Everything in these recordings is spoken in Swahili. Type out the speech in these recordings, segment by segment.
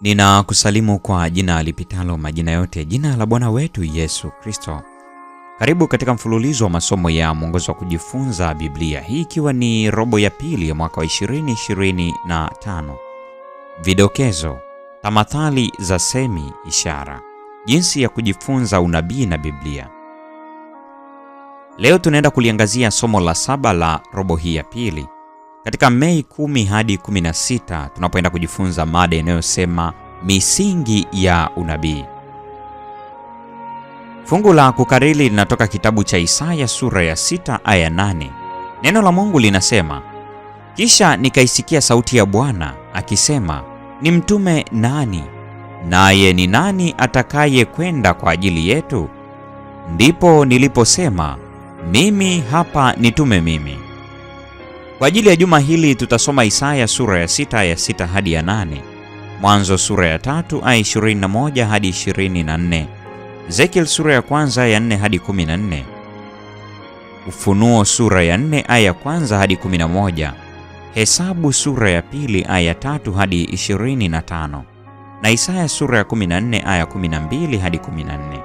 Ninakusalimu kwa jina lipitalo majina yote, jina la Bwana wetu Yesu Kristo. Karibu katika mfululizo wa masomo ya mwongozo wa kujifunza Biblia, hii ikiwa ni robo ya pili ya mwaka wa 2025. Vidokezo, tamathali za semi, ishara, jinsi ya kujifunza unabii na Biblia. Leo tunaenda kuliangazia somo la saba la robo hii ya pili katika Mei 10 hadi 16 tunapoenda kujifunza mada inayosema misingi ya unabii. Fungu la kukariri linatoka kitabu cha Isaya sura ya 6 aya 8. Neno la Mungu linasema, kisha nikaisikia sauti ya Bwana akisema, ni mtume nani? Naye ni nani atakaye kwenda kwa ajili yetu? Ndipo niliposema, mimi hapa, nitume mimi. Kwa ajili ya juma hili tutasoma Isaya sura ya sita aya sita hadi ya nane, Mwanzo sura ya tatu aya ishirini na moja hadi ishirini na nne, Ezekiel sura ya kwanza ya nne hadi kumi na nne, Ufunuo sura ya nne aya ya kwanza hadi kumi na moja, Hesabu sura ya pili aya tatu hadi ishirini na tano na Isaya sura ya 14 aya 12 hadi nne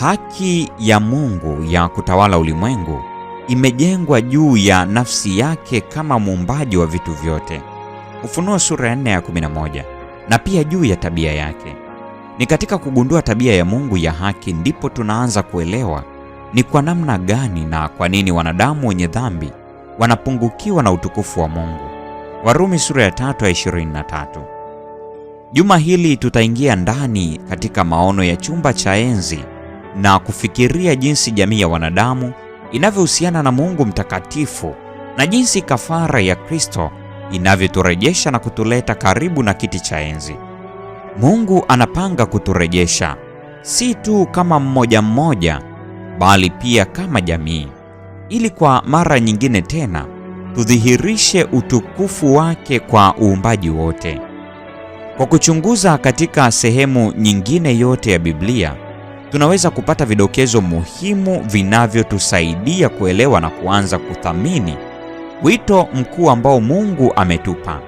Haki ya Mungu ya kutawala ulimwengu imejengwa juu ya nafsi yake kama muumbaji wa vitu vyote, Ufunuo sura ya 4 ya 11, na pia juu ya tabia yake. Ni katika kugundua tabia ya Mungu ya haki ndipo tunaanza kuelewa ni kwa namna gani na kwa nini wanadamu wenye dhambi wanapungukiwa na utukufu wa Mungu. Warumi sura ya 3 ya 23. Juma hili tutaingia ndani katika maono ya chumba cha enzi na kufikiria jinsi jamii ya wanadamu inavyohusiana na Mungu mtakatifu na jinsi kafara ya Kristo inavyoturejesha na kutuleta karibu na kiti cha enzi. Mungu anapanga kuturejesha si tu kama mmoja mmoja, bali pia kama jamii, ili kwa mara nyingine tena tudhihirishe utukufu wake kwa uumbaji wote. Kwa kuchunguza katika sehemu nyingine yote ya Biblia tunaweza kupata vidokezo muhimu vinavyotusaidia kuelewa na kuanza kuthamini wito mkuu ambao Mungu ametupa,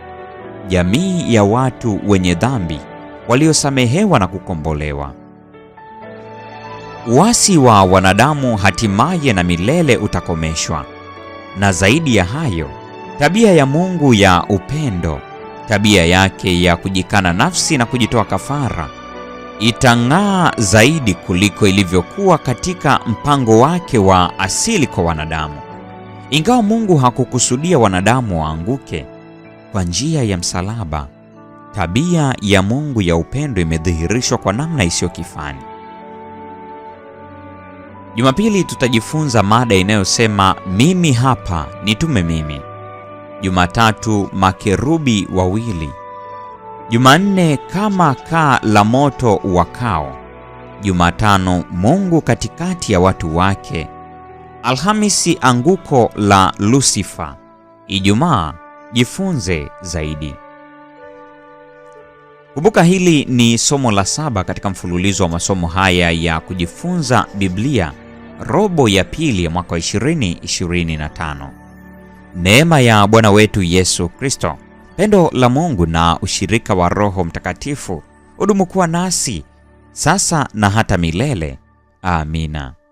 jamii ya watu wenye dhambi waliosamehewa na kukombolewa. Uasi wa wanadamu hatimaye na milele utakomeshwa, na zaidi ya hayo, tabia ya Mungu ya upendo, tabia yake ya kujikana nafsi na kujitoa kafara itang'aa zaidi kuliko ilivyokuwa katika mpango wake wa asili kwa wanadamu. Ingawa Mungu hakukusudia wanadamu waanguke, kwa njia ya msalaba, tabia ya Mungu ya upendo imedhihirishwa kwa namna isiyo kifani. Jumapili tutajifunza mada inayosema mimi hapa, nitume mimi. Jumatatu, makerubi wawili Jumanne kama kaa la moto wakao, Jumatano Mungu katikati ya watu wake, Alhamisi anguko la Lusifa, Ijumaa jifunze zaidi. Kumbuka hili ni somo la saba katika mfululizo wa masomo haya ya kujifunza Biblia robo ya pili ya mwaka 2025. Neema ya Bwana wetu Yesu Kristo Pendo la Mungu na ushirika wa Roho Mtakatifu udumu kuwa nasi sasa na hata milele. Amina.